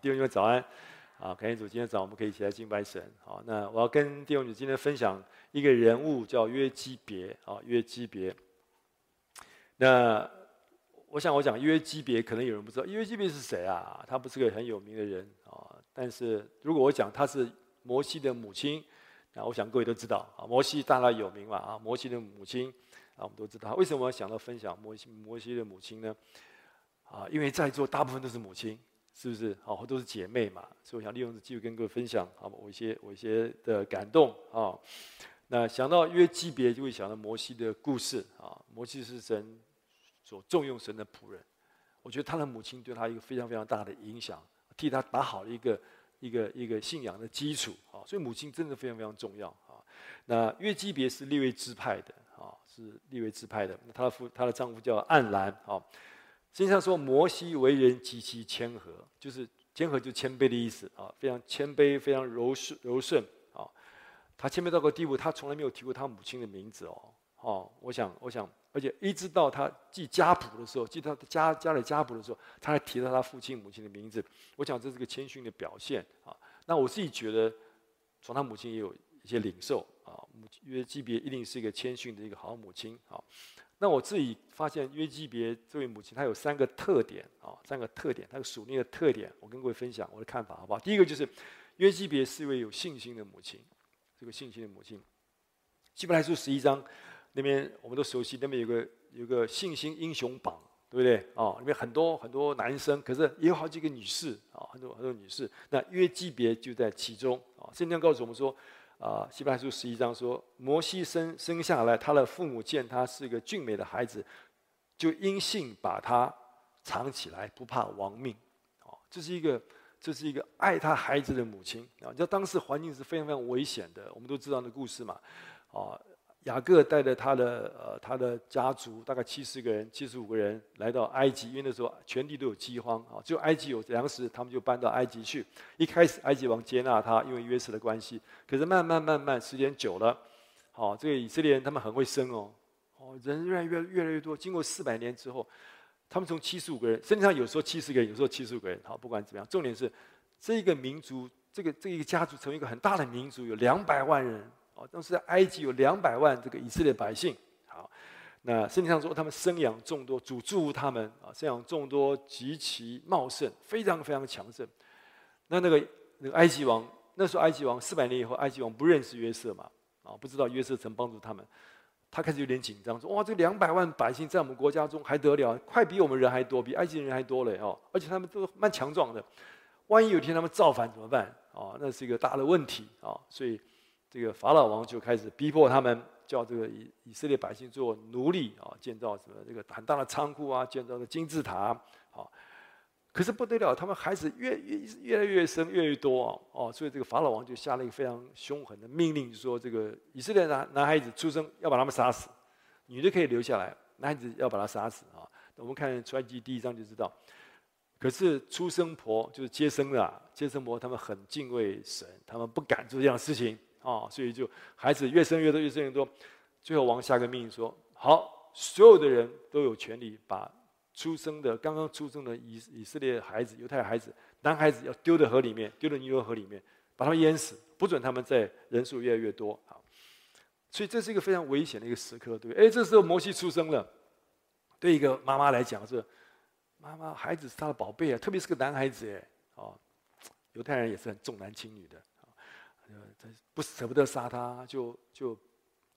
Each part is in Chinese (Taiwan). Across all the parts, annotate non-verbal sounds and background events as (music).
弟兄姐妹早安，啊，感謝主，今天早上我們可以一起來敬拜神，好，那我要跟弟兄姐妹今天分享一個人物，叫約基別，啊，約基別，那我想我講約基別，可能有人不知道約基別是誰啊？他不是個很有名的人，啊，但是如果我講他是摩西的母親，啊，我想各位都知道，啊，摩西大概有名吧，啊，摩西的母親，啊，我們都知道，為什麼我要想到分享摩西摩西的母親呢？啊，因為在座大部分都是母親。是不是？好、哦，都是姐妹嘛，所以我想利用這機會跟各位分享，好吧，我一些我一些的感動啊、哦。那想到約基別，就會想到摩西的故事啊、哦。摩西是神所重用神的僕人，我覺得他的母親對他一個非常非常大的影響，替他打好了一個一個一個信仰的基礎啊、哦。所以母親真的非常非常重要啊、哦。那約基別是利未支派的啊、哦，是利未支派的。他的夫，她的丈夫叫暗蘭啊。哦實際上說，摩西為人極其謙和，就是謙和就謙卑的意思啊，非常謙卑，非常柔順柔順啊。他謙卑到個地步，他從來沒有提過他母親的名字哦。哦，我想，我想，而且一直到他記家譜的時候，記他的家家裡家譜的時候，他還提到他父親母親的名字。我想這是個謙遜的表現啊。那我自己覺得，從他母親也有一些領受啊，因為級別一定是一個謙遜的一個好母親啊。那我自己發現約基別這位母親，她有三個特點啊、哦，三個特點，她有屬靈的特點。我跟各位分享我的看法，好不好？第一個就是，約基別是一位有信心的母親，這個信心的母親。希伯來書十一章那邊我們都熟悉，那邊有個有個信心英雄榜，對不對啊？裡面很多很多男生，可是也有好幾個女士啊、哦，很多很多女士。那約基別就在其中啊，聖經告訴我們說。啊，希伯來書十一章說，摩西生生下來，他的父母見他是個俊美的孩子，就因信把他藏起來，不怕亡命。哦，這是一個，這是一個愛他孩子的母親。啊，你知道當時環境是非常非常危險的，我們都知道那個故事嘛，哦、啊。雅各帶着他的呃他的家族大概七十個人，七十五個人來到埃及，因為那時候全地都有饑荒啊，哦，只有埃及有糧食，他們就搬到埃及去。一開始埃及王接納他，因為約瑟的關係。可是慢慢慢慢時間久了，好、哦，這個以色列人他們很會生哦，哦，人，人越來越越來越多。經過四百年之後，他們從七十五個人，實際上有時候七十個人，有時候七十五個人，好，不管怎麼樣，重點是這個民族，這個這一個家族成為一個很大的民族，有兩百萬人。當時埃及有兩百萬這個以色列百姓，好，那聖經上說他們生養眾多，主祝福他們，啊，生養眾多極其茂盛，非常非常強盛。那那個那個埃及王，那時候埃及王四百年以後，埃及王不認識約瑟嘛，啊，不知道約瑟曾幫助他們，他開始有點緊張，說哇，這兩百萬百姓在我們國家中還得了？快比我們人還多，比埃及人還多嘞哦！而且他們都蠻強壯的，萬一有一天他們造反怎麼辦？啊，那是一個大的問題啊，所以。這個法老王就開始逼迫他們，叫這個以以色列百姓做奴隸啊，建造什麼這個很大的倉庫啊，建造的金字塔啊，啊。可是不得了，他們孩子越越越來越生越來越多啊，哦，所以這個法老王就下了一個非常兇狠的命令，說這個以色列男男孩子出生要把他們殺死，女的可以留下來，男孩子要把他殺死啊。我們看出埃及記第一章就知道，可是出生婆就是接生的、啊、接生婆，他們很敬畏神，他們不敢做這樣的事情。啊、哦，所以就孩子越生越多，越生越多，最後王下個命令說：“好，所有的人都有權利把出生的剛剛出生的以以色列孩子、猶太孩子、男孩子要丟到河裡面，丟到尼羅河裡面，把他們淹死，不准他們再人數越來越多。”好，所以這是一個非常危險的一個時刻，對不對？哎，這時候摩西出生了，對一個媽媽來講是媽媽，孩子是她的寶貝啊，特別是個男孩子哎，啊，猶太人也是很重男輕女的。呃，不捨不得殺他，就就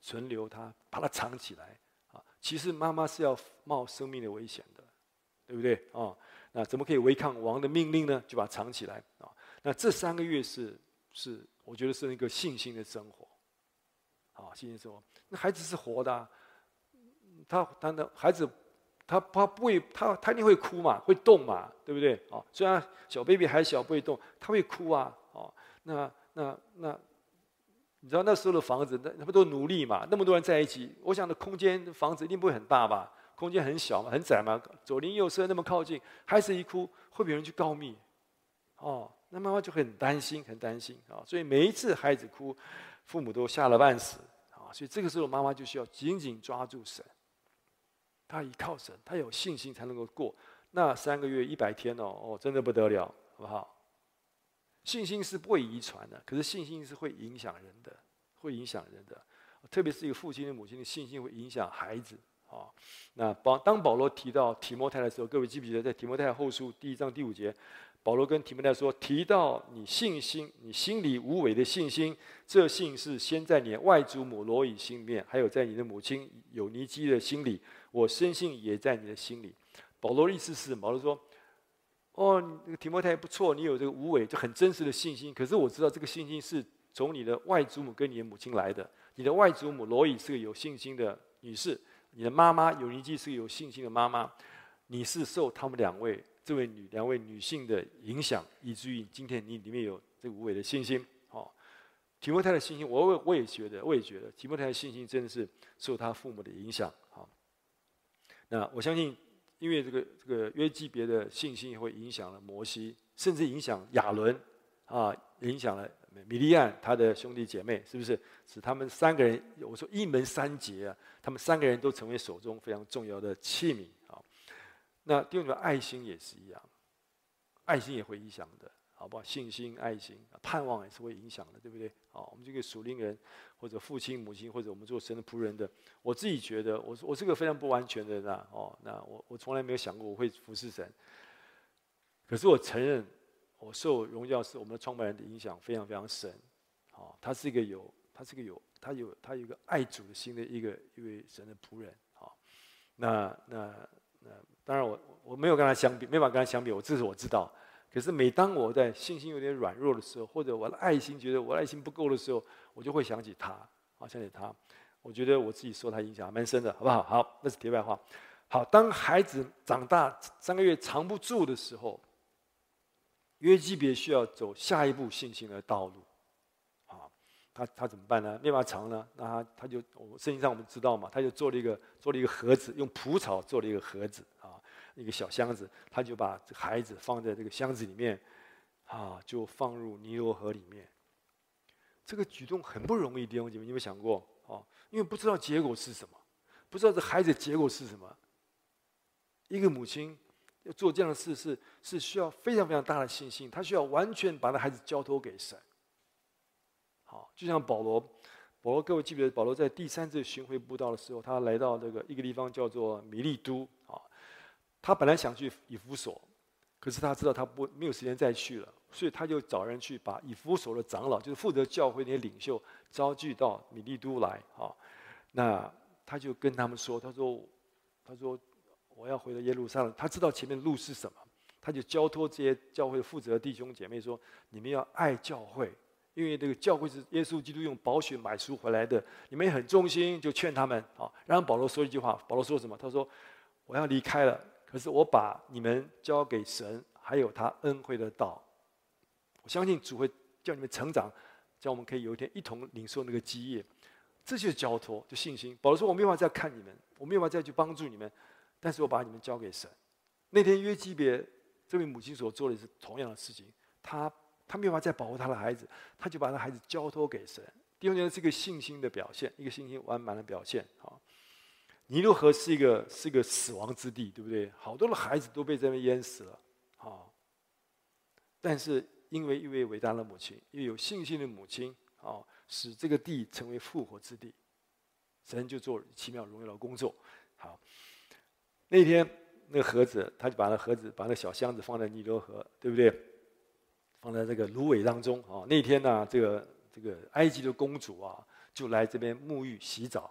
存留他，把他藏起來啊。其實媽媽是要冒生命的危險的，對不對啊？那怎麼可以違抗王的命令呢？就把它藏起來啊。那這三個月是是，我覺得是一個信心的生活，啊，信心生活。那孩子是活的啊，他他的孩子，他他不會，他他一定會哭嘛，會動嘛，對不對啊？雖然小 baby 還小，不會動，他會哭啊，啊，那。那那，你知道那時候的房子，那那不都奴隸嘛，那麼多人在一起，我想的空間房子一定不會很大吧？空間很小嘛，很窄嘛，左鄰右舍那麼靠近，孩子一哭會不會有人去告密，哦，那媽媽就很擔心，很擔心啊，哦，所以每一次孩子哭，父母都嚇了半死啊，哦，所以這個時候媽媽就需要緊緊抓住神，他一靠神，他有信心才能夠過那三個月一百天哦，哦，真的不得了，好不好？信心是不會遺傳的，可是信心是會影響人的，會影響人的，特別是一個父親的母親的信心會影響孩子啊、哦。那保當保羅提到提摩太的時候，各位記不記得在提摩太後書第一章第五節，保羅跟提摩太說：提到你信心，你心裡無偽的信心，這信是先在你外祖母羅以心裡面，還有在你的母親友尼基的心裡，我深信也在你的心裡。保羅的意思是保羅說。哦，那個提摩太不錯，你有這個無偽，就很真實的信心。可是我知道這個信心是從你的外祖母跟你的母親來的。你的外祖母羅以是個有信心的女士，你的媽媽友尼基是個有信心的媽媽。你是受他們兩位這位女兩位女性的影響，以至於今天你裡面有這個無偽的信心。好、哦，提摩太的信心，我我也覺得，我也覺得提摩太的信心真的是受他父母的影響。好、哦，那我相信。因為這個這個約基別的信心會影響了摩西，甚至影響亞倫，啊，影響了米利暗，他的兄弟姐妹，是不是？使他們三個人，我說一門三傑啊，他們三個人都成為手中非常重要的器皿啊。那第二個愛心也是一樣，愛心也會影響的。好不好？信心、愛心、盼望也是會影響的，對不對？好，我們這個屬靈人，或者父親、母親，或者我們做神的僕人的，我自己覺得我是，我我是個非常不完全的人啊！哦，那我我從來沒有想過我會服侍神。可是我承認，我受榮耀是我們的創辦人的影響，非常非常深。好、哦，他是一個有，他是一個有，他有他有，有一個愛主的心的一個一位神的僕人。好、哦，那那那，當然我我沒有跟他相比，沒法跟他相比。我至少我知道。可是每當我在信心有點軟弱的時候，或者我的愛心覺得我的愛心不夠的時候，我就會想起他，啊，想起他，我覺得我自己受他影響蠻深的，好不好？好，那是題外話。好，當孩子長大三個月藏不住的時候，約基別需要走下一步信心的道路，啊，他他怎麼辦呢？沒法藏呢，那他他就聖經上我們知道嘛，他就做了一個做了一個盒子，用蒲草做了一個盒子。一個小箱子，他就把這孩子放在這個箱子裡面，啊，就放入尼羅河裡面。這個舉動很不容易，弟兄姐妹，你們有沒有想過？啊？因為不知道結果是什麼，不知道這孩子結果是什麼。一個母親要做這樣的事是，是是需要非常非常大的信心，她需要完全把這孩子交托給神。好，啊，就像保羅，保羅各位記不記得？保羅在第三次巡回布道的時候，他來到這個一個地方叫做米利都，啊。他本來想去以弗所，可是他知道他不沒有時間再去了，所以他就找人去把以弗所的長老，就是負責教會的那些領袖，招聚到米利都來。哈、哦，那他就跟他們說：“他說，他說我要回到耶路撒冷。他知道前面的路是什麼，他就交托這些教會的負責的弟兄姐妹說：‘你們要愛教會，因為這個教會是耶穌基督用寶血買贖回來的。’你們也很忠心，就勸他們。啊、哦，然後保羅說一句話：保羅說什麼？他說我要離開了。”可是我把你們交給神，還有他恩惠的道，我相信主會叫你們成長，叫我們可以有一天一同領受那個基業，這就是交托，就信心。保羅說：“我沒辦法再看你們，我沒辦法再去幫助你們，但是我把你們交給神。”那天約基別這位母親所做的是同樣的事情，她她沒辦法再保護她的孩子，她就把她孩子交托給神。第二點是這個信心的表現，一個信心完滿的表現，好。尼羅河是一個是一個死亡之地，對不對？好多的孩子都被這邊淹死了，啊。但是因為一位偉大的母親，一位有信心的母親，啊，使這個地成為復活之地，神就做奇妙榮耀的工作。好，那天那個盒子，他就把那盒子，把那小箱子放在尼羅河，對不對？放在這個蘆葦當中。啊，那天呢，啊，這個這個埃及的公主啊，就來這邊沐浴洗澡。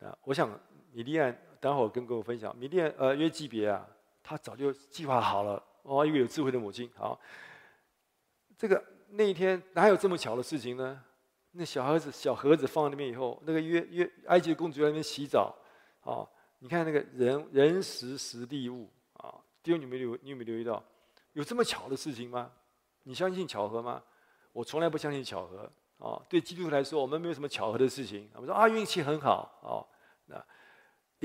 啊，我想米利暗，待會跟各位分享米利暗。呃，約基別啊，他早就計劃好了。哦，一個有智慧的母親。好、哦，這個那一天哪有這麼巧的事情呢？那小盒子小盒子放在那邊以後，那個約約埃及的公主在那邊洗澡。啊、哦，你看那個人人事時地物啊、哦，丟你有有，你沒留你有沒有留意到？有這麼巧的事情嗎？你相信巧合嗎？我從來不相信巧合。啊、哦，對基督徒來說，我們沒有什麼巧合的事情。我們說啊，運氣很好啊、哦，那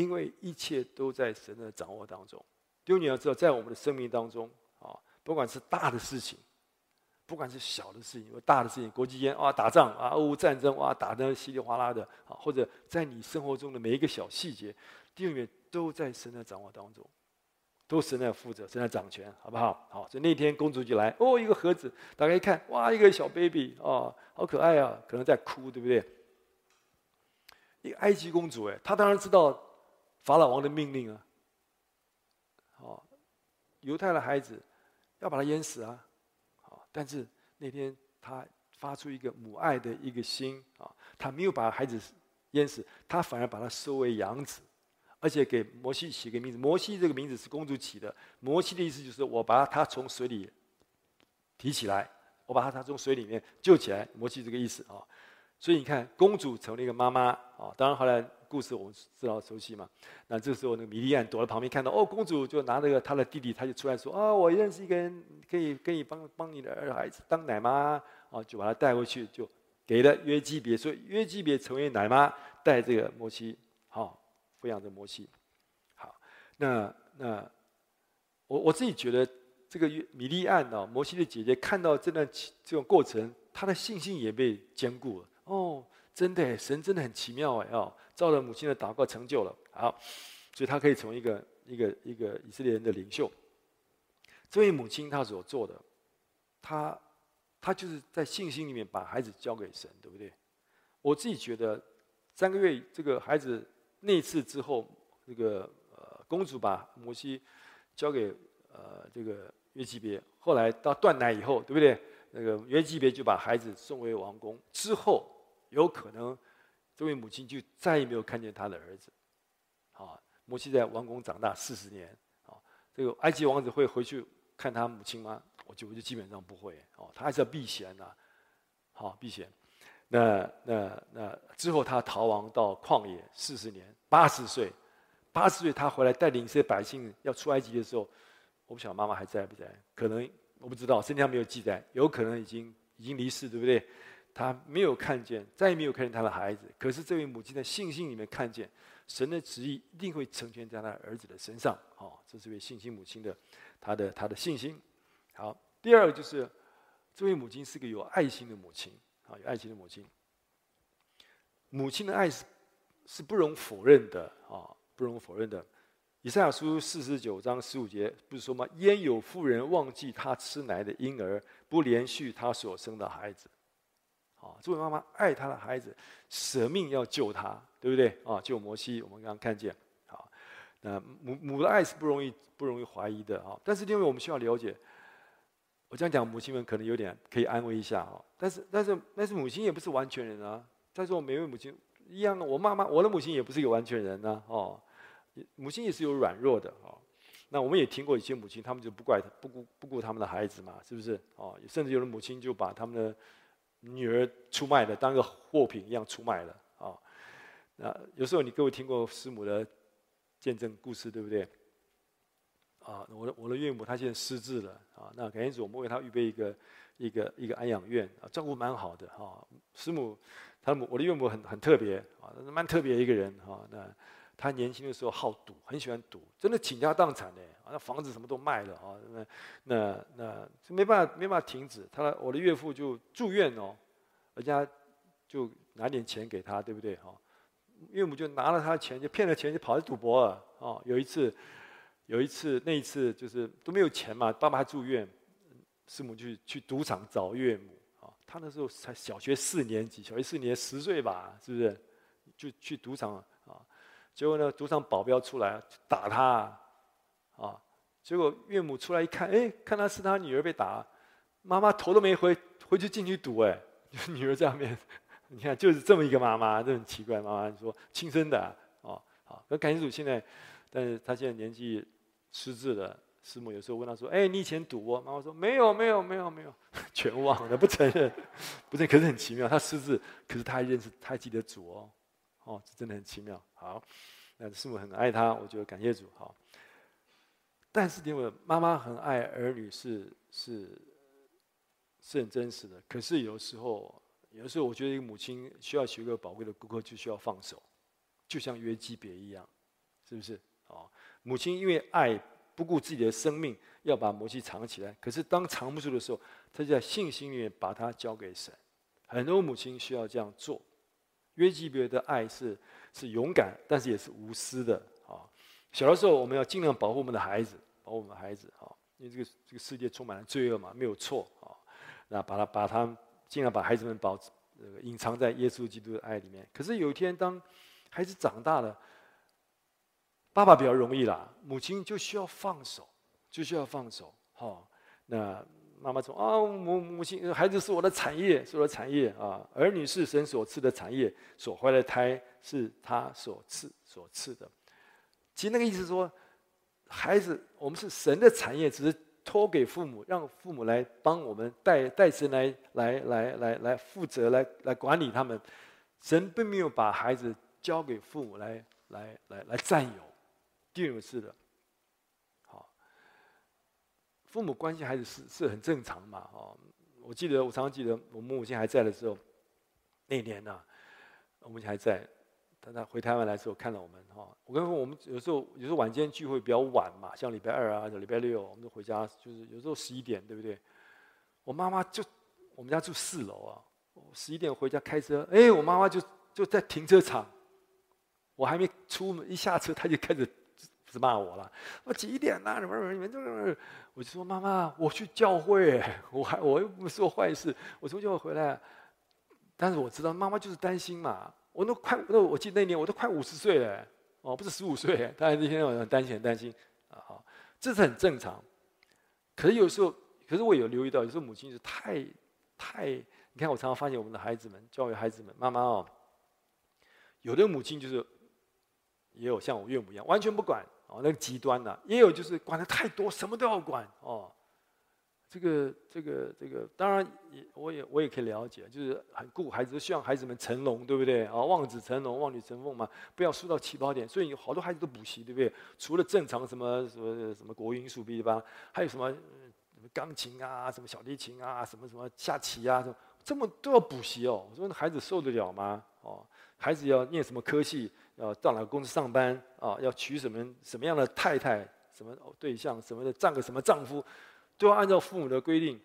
因為一切都在神的掌握當中。弟兄你要知道，在我們的生命當中啊、哦，不管是大的事情，不管是小的事情，或大的事情，國際間啊打仗啊，俄烏戰爭啊，打得稀里嘩啦的啊、哦，或者在你生活中的每一個小細節，弟兄都在神的掌握當中。都是在負責，是在掌權，好不好？好，所以那天公主就來，哦，一個盒子，打開一看，哇，一個小 baby 哦，好可愛啊，可能在哭，對不對？一個埃及公主，哎，她當然知道法老王的命令啊，好，猶太的孩子要把他淹死啊，好，但是那天她發出一個母愛的一個心啊，她沒有把孩子淹死，她反而把他收為養子。而且給摩西起個名字，摩西這個名字是公主起的。摩西的意思就是我把他從水裡提起來，我把他從水裡面救起來，摩西這個意思啊、哦。所以你看，公主成了一個媽媽啊、哦。當然後來故事我們知道熟悉嘛。那這時候那個米利暗躲在旁邊看到哦，公主就拿這個他的弟弟，他就出來說啊、哦，我認識一個人，可以可以幫幫你的兒孩子當奶媽啊、哦，就把他帶回去，就給了約基別，所以約基別成為奶媽帶這個摩西好、哦。撫養着摩西，好，那，那那我我自己覺得，這個約米利暗呢，摩西的姐姐，看到這段這種過程，她的信心也被堅固了。哦，真的，神真的很奇妙哎哦，照著母親的禱告成就了。好，所以她可以成為一個一個一個以色列人的領袖，這位母親她所做的她，她她就是在信心裡面把孩子交給神，對不對？我自己覺得三個月這個孩子。那一次之後，那個呃，公主把摩西交給呃這個約基別，後來到斷奶以後，對不對？那個約基別就把孩子送回王宮。之後有可能這位母親就再也沒有看見他的兒子。啊、哦，摩西在王宮長大四十年。啊、哦，這個埃及王子會回去看他母親嗎？我就我就基本上不會。哦，他還是要避嫌的、啊。好、哦，避嫌。那那那之後，他逃亡到曠野四十年，八十歲，八十歲他回來帶領這些百姓要出埃及的時候，我不曉得媽媽還在不在？可能我不知道，聖經上沒有記載，有可能已經已經離世，對不對？他沒有看見，再也沒有看見他的孩子。可是這位母親在信心裡面看見神的旨意一定會成全在他兒子的身上。哦，這是位信心母親的，她的她的信心。好，第二個就是這位母親是個有愛心的母親。啊，有愛情的母親。母親的愛是是不容否認的啊，不容否認的。以賽亞書四十九章十五節不是說嗎？焉有婦人忘記她吃奶的嬰兒，不憐恤她所生的孩子？啊，這位媽媽愛她的孩子，捨命要救他，對不對？啊，救摩西，我們剛剛看見。啊，那母母的愛是不容易不容易懷疑的啊。但是，因為我們需要了解。我這樣講，母親們可能有點可以安慰一下哦。但是，但是，但是，母親也不是完全人啊。再說，每位母親一樣，我媽媽，我的母親也不是一個完全人呢、啊。哦，母親也是有軟弱的哦。那我們也聽過一些母親，他們就不怪不顧不顧他們的孩子嘛，是不是？哦，甚至有的母親就把他們的女兒出賣了，當個貨品一樣出賣了。啊、哦，那有時候你各位聽過師母的見證故事，對不對？啊，我的我的岳母她現在失智了啊。那改天子，我們為她預備一個一個一個安養院啊，照顧蠻好的哈、啊。師母，她的母，我的岳母很很特別啊，蠻特別的一個人哈、啊。那她年輕的時候好賭，很喜歡賭，真的傾家蕩產的。那房子什麼都賣了啊。那那那就沒辦法沒辦法停止。他我的岳父就住院哦，人家就拿點錢給他，對不對哈、啊？岳母就拿了他的錢，就騙了錢，就跑去賭博了啊。有一次。有一次，那一次就是都沒有錢嘛，爸爸住院，師母去去賭場找岳母啊、哦。他那時候才小學四年級，小學四年十歲吧，是不是？就去賭場啊、哦，結果呢，賭場保鏢出來打他啊、哦。結果岳母出來一看，哎，看他是他女兒被打，媽媽頭都沒回，回去進去賭，哎，女兒在上面。你看，就是這麼一個媽媽，這很奇怪。媽媽你說，親生的哦，好、哦。那感情主現在，但是他現在年紀。失智了，師母有時候問他說：“哎、欸，你以前賭、哦？”媽媽說：“沒有，沒有，沒有，沒有， (laughs) 全忘了，不承認，不承認。”可是很奇妙，他失智，可是他還認識，他還記得主哦，哦，這真的很奇妙。好，那師母很愛他，我覺得感謝主。好，但是因為媽媽很愛兒女是，是是是很真實的。可是有時候，有的時候我覺得，一個母親需要學一個寶貴的功課，就需要放手，就像約基別一樣，是不是？母親因為愛不顧自己的生命，要把摩西藏起來。可是當藏不住的時候，她就在信心裡面把它交給神。很多母親需要這樣做。約基別的愛是是勇敢，但是也是無私的啊。小的時候，我們要儘量保護我們的孩子，保護我們的孩子啊，因為這個這個世界充滿了罪惡嘛，沒有錯啊，那把他把他儘量把孩子們保這個隱藏在耶穌基督的愛裡面。可是有一天，當孩子長大了。爸爸比較容易啦，母親就需要放手，就需要放手。哈，那媽媽說：“啊，母母親，孩子是我的產業，是我的產業啊。兒女是神所賜的產業，所懷的胎是他所賜所賜的。其實那個意思說，孩子我們是神的產業，只是托給父母，讓父母來幫我們代代神來來來來來負責，來來管理他們。神並沒有把孩子交給父母來來來來來占有。”對，是的，好，父母關心孩子是是很正常嘛，哦，我記得我常常記得，我們母親還在的時候，那一年呢，我母親還在，她在回台灣來的時候看到我們，哈，我跟你說，我們有時候有時候晚間聚會比較晚嘛，像禮拜二啊，禮拜六，我們都回家，就是有時候十一點，對不對？我媽媽就我們家住四樓啊，十一點回家開車，哎，我媽媽就就在停車場，我還沒出門一下車，她就開始。是罵我了，我幾點了？什麼什麼？你們就是……我就說媽媽，我去教會，我還我又不做壞事，我從教會回來。但是我知道，媽媽就是擔心嘛。我都快……那我記得那年我都快五十歲了，哦，不是十五歲。但是那天晚上很擔心，很擔心啊，哦！這是很正常。可是有時候，可是我有留意到，有時候母親是太太……你看，我常常發現我們的孩子們教育孩子們，媽媽哦，有的母親就是也有像我岳母一樣，完全不管。哦，那個極端的，啊、也有，就是管的太多，什麼都要管哦。這個、這個、這個，當然也，我也我也可以了解，就是很顧孩子，希望孩子們成龍，對不對啊、哦？望子成龍，望女成鳳嘛，不要輸到起跑點。所以有好多孩子都補習，對不對？除了正常什麼什麼什麼國音速畢、幫，還有什麼、嗯、什麼鋼琴啊，什麼小提琴啊，什麼什麼下棋啊。什麼這麼都要補習哦？我說那孩子受得了嗎？哦，孩子要念什麼科系，要到哪個公司上班啊？要娶什麼什麼樣的太太？什麼對象什麼的，嫁個什麼丈夫，都要按照父母的規定。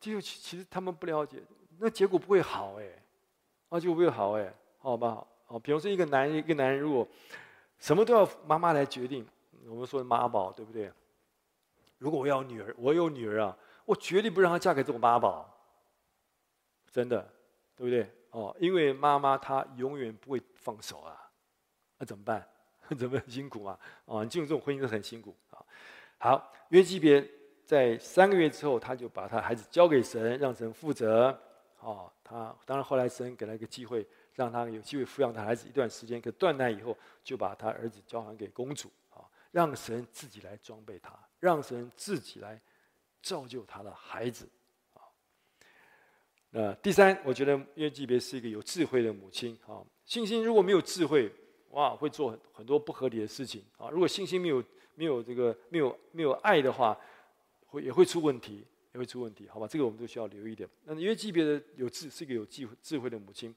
這就其其實他們不了解，那結果不會好哎，啊，就不會好哎，好吧？好，比方說一個男人，一個男人如果什麼都要媽媽來決定，我們說媽寶對不對？如果我要女兒，我有女兒啊，我絕對不讓她嫁給這種媽寶。真的，對不對？哦，因為媽媽她永遠不會放手啊，那、啊、怎麼辦？怎麼很辛苦嘛？啊，哦、進入這種婚姻都很辛苦啊、哦。好，約基別在三個月之後，他就把他孩子交給神，讓神負責。哦，他當然後來神給了一個機會，讓他有機會撫養他孩子一段時間。可斷奶以後，就把他兒子交還給公主，啊、哦，讓神自己來裝備他，讓神自己來造就他的孩子。那、呃、第三，我覺得約基別是一個有智慧的母親啊、哦。信心如果沒有智慧，哇，會做很,很多不合理的事情啊、哦。如果信心沒有沒有這個沒有沒有愛的話，會也會出問題，也會出問題，好吧？這個我們都需要留意一點。那約基別的有智，是一個有智智慧的母親，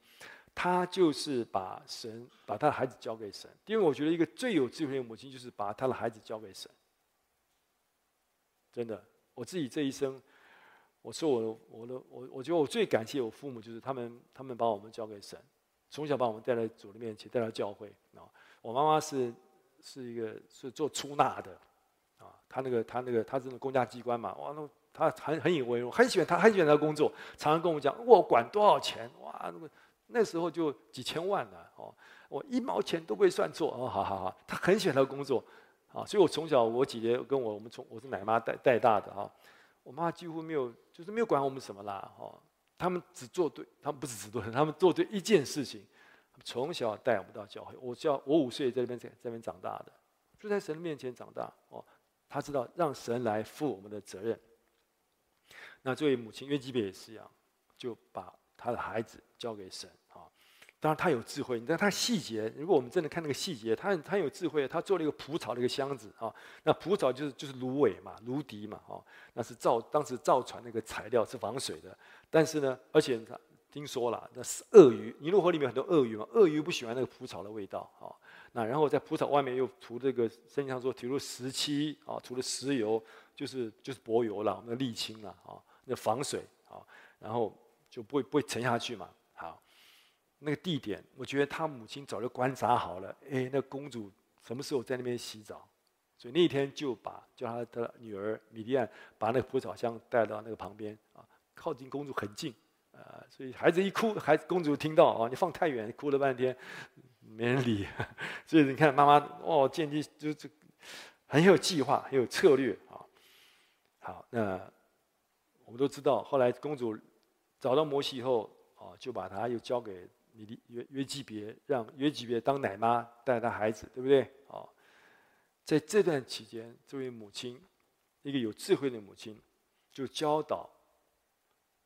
她就是把神把她的孩子交給神。因為，我覺得一個最有智慧的母親就是把她的孩子交給神。真的，我自己這一生。我說我我的我我覺得我最感謝我父母就是他們他們把我們交給神，從小把我們帶到主的面前，帶到教會啊、哦。我媽媽是是一個是做出納的，啊、哦，她那個她那個她這個公家機關嘛，哇，那她很很以為我很喜歡她很喜歡她的工作，常常跟我講我管多少錢哇、那個，那時候就幾千萬了、啊、哦，我一毛錢都不會算錯哦，好好好，她很喜歡她的工作，啊、哦，所以我從小我姐姐跟我我們從我是奶媽帶帶大的啊、哦，我媽幾乎沒有。就是沒有管我們什麼啦，哈、哦，他們只做對，他們不是只做，他們做對一件事情。從小帶我們到教會，我教我五歲在那邊在，在那邊長大的，就在神面前長大哦，他知道讓神來負我們的責任。那作為母親約基別也是一樣，就把他的孩子交給神。當然，他有智慧。你看他細節，如果我們真的看那個細節，他他有智慧，他做了一個蒲草的一個箱子啊、哦。那蒲草就是就是蘆葦嘛，蘆荻嘛，哈、哦，那是造當時造船那個材料，是防水的。但是呢，而且他聽說了，那是鱷魚，尼羅河裡面有很多鱷魚嘛，鱷魚不喜歡那個蒲草的味道啊、哦。那然後在蒲草外面又塗這個，聖經上說比如說石漆啊、哦，塗了石油，就是就是柏油了，我們的瀝青了啊、哦，那防水啊、哦，然後就不會不會沉下去嘛。那個地點，我覺得他母親早就觀察好了。哎，那公主什麼時候在那邊洗澡？所以那天就把叫他的女兒米莉安把那個蒲草箱帶到那個旁邊啊，靠近公主很近啊。所以孩子一哭，孩子公主聽到啊，你放太遠，哭了半天沒人理。所以你看媽媽哦，建議就就很有計劃，很有策略啊。好，那我們都知道，後來公主找到摩西以後，啊，就把他又交給。你約約基別讓約基別當奶媽帶着孩子，對不對？啊，在這段期間，這位母親，一個有智慧的母親，就教導，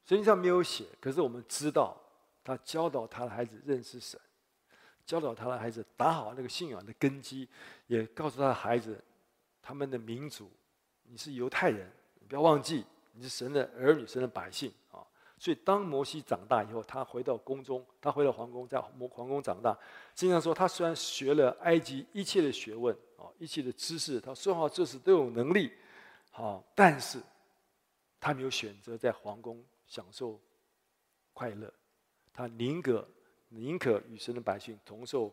聖經上沒有寫，可是我們知道，他教導他的孩子認識神，教導他的孩子打好那個信仰的根基，也告訴他的孩子，他們的民族，你是猶太人，你不要忘記，你是神的兒女，神的百姓啊。所以，當摩西長大以後，他回到宮中，他回到皇宮，在皇宮長大。經常說，他雖然學了埃及一切的學問，啊，一切的知識，他說話做事都有能力，但是，他沒有選擇在皇宮享受快樂，他寧可寧可與神的百姓同受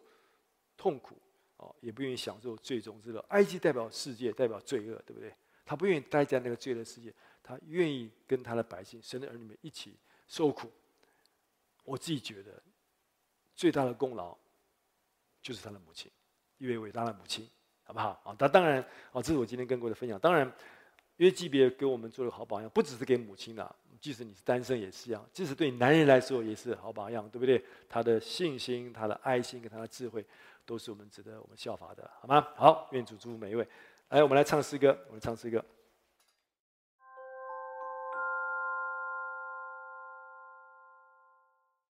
痛苦，啊，也不願意享受罪中之樂。埃及代表世界，代表罪惡，對不對？他不願意待在那個罪惡世界，他願意跟他的百姓、神的兒女們一起受苦。我自己覺得，最大的功勞，就是他的母親，一位偉大的母親，好不好？啊，當然，啊，這是我今天跟各位的分享。當然，約基別給我們做的好榜樣，不只是給母親的、啊，即使你是單身也是一樣，即使對男人來說也是好榜樣，對不對？他的信心、他的愛心跟他的智慧，都是我們值得我們效法的，好嗎？好，願主祝福每一位。來，我們來唱詩歌。我們唱詩歌。